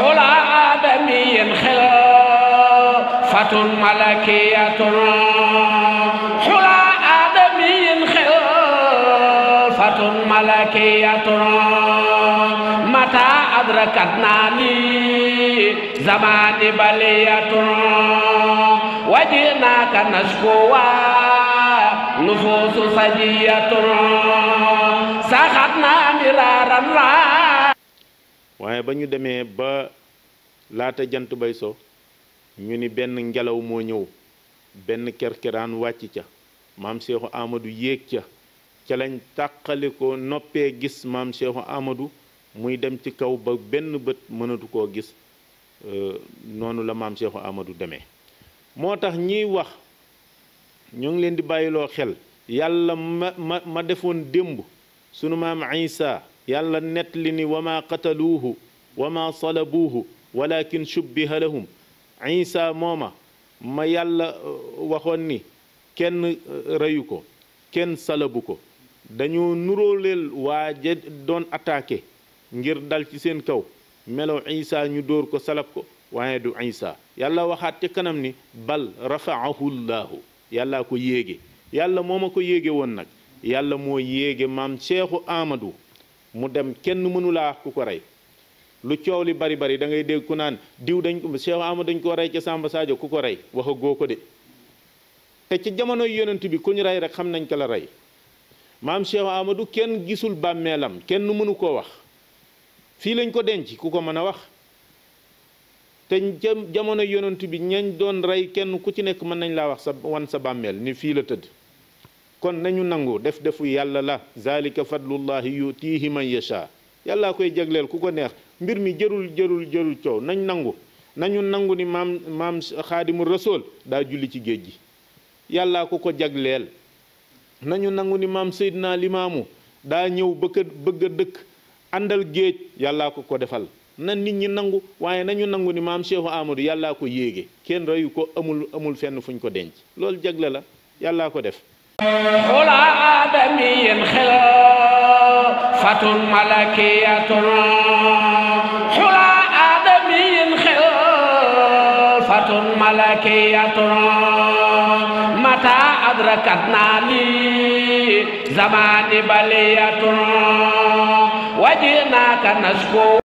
خلا آدمي خلافة ملكية خلا آدمي خلافة ملكية متى أدركتنا لي زمان بلية وجئناك نشكوها نفوس سجية سخطنا مرارا waaye ba ñu demee ba laata jant bay so ñu ni benn ngelaw moo ñëw benn kerkeraan wàcc ca maam Seexu Amadu yéeg ca ca lañ tàqali ko noppee gis maam Seexu Amadu muy dem ci kaw ba benn bët mënatu koo gis euh, noonu la maam Seexu Amadu demee moo tax ñiy wax ñoo ngi leen di bàyyiloo xel yàlla ma ma ma defoon démb sunu maam Isa yàlla nettali ni wama qataluuhu wama salabuuhu walakin shubbiha lahum isa mooma ma yàlla uh, waxoon ni kenn uh, reyu ko kenn salabu ko dañoo nuróoleel waa ja doon attaqué ngir dal ci seen kaw melaw isa ñu dóor ko salab ko waaye du isa yàlla waxaat te kanam ni bal rafaahu llaahu yàllaa ko yéege yàlla mooma ko yéege woon nag yàlla moo yéege maam Cheikhu Amadou mu dem kenn mënulaa wax ku ko rey lu coow li bari bari da ngay dégg ku naan diw dañ ko Cheikh dañ ko rey ca Samba Sadio ku ko rey wax ko de te ci jamono yonent bi ku ñu rey rek xam nañ ko la rey maam Cheikh du kenn gisul bàmmeelam kenn mënu koo wax fii lañ ko denc ku ko mën a wax te jamono yonent bi ñañ doon rey kenn ku ci nekk mën nañ laa wax sa wan sa bàmmeel ni fii la tëdd kon nañu nangu def defu yàlla la zalika fadlullahi yutihi man yasha yàllaa koy jagleel ku ko neex mbir mi jërul jërul jërul coow nañ nangu nañu nangu ni maam maam xaadimu rasool daa julli ci géej gi yàllaa ko ko jagleel nañu nangu ni maam Seydina Limaamu daa ñëw bëgg a dëkk àndal géej yàllaa ko ko defal na nit ñi nangu waaye nañu nangu ni maam Cheikhu Amadou yàllaa ko yéege kenn reyu ko amul amul fenn fu ñu ko denc loolu jagle la yàllaa ko def خلا آدمي خلافة ملكية خلا آدمي خلافة ملكية متى أدركتنا لي زمان بلية وجئناك نشكو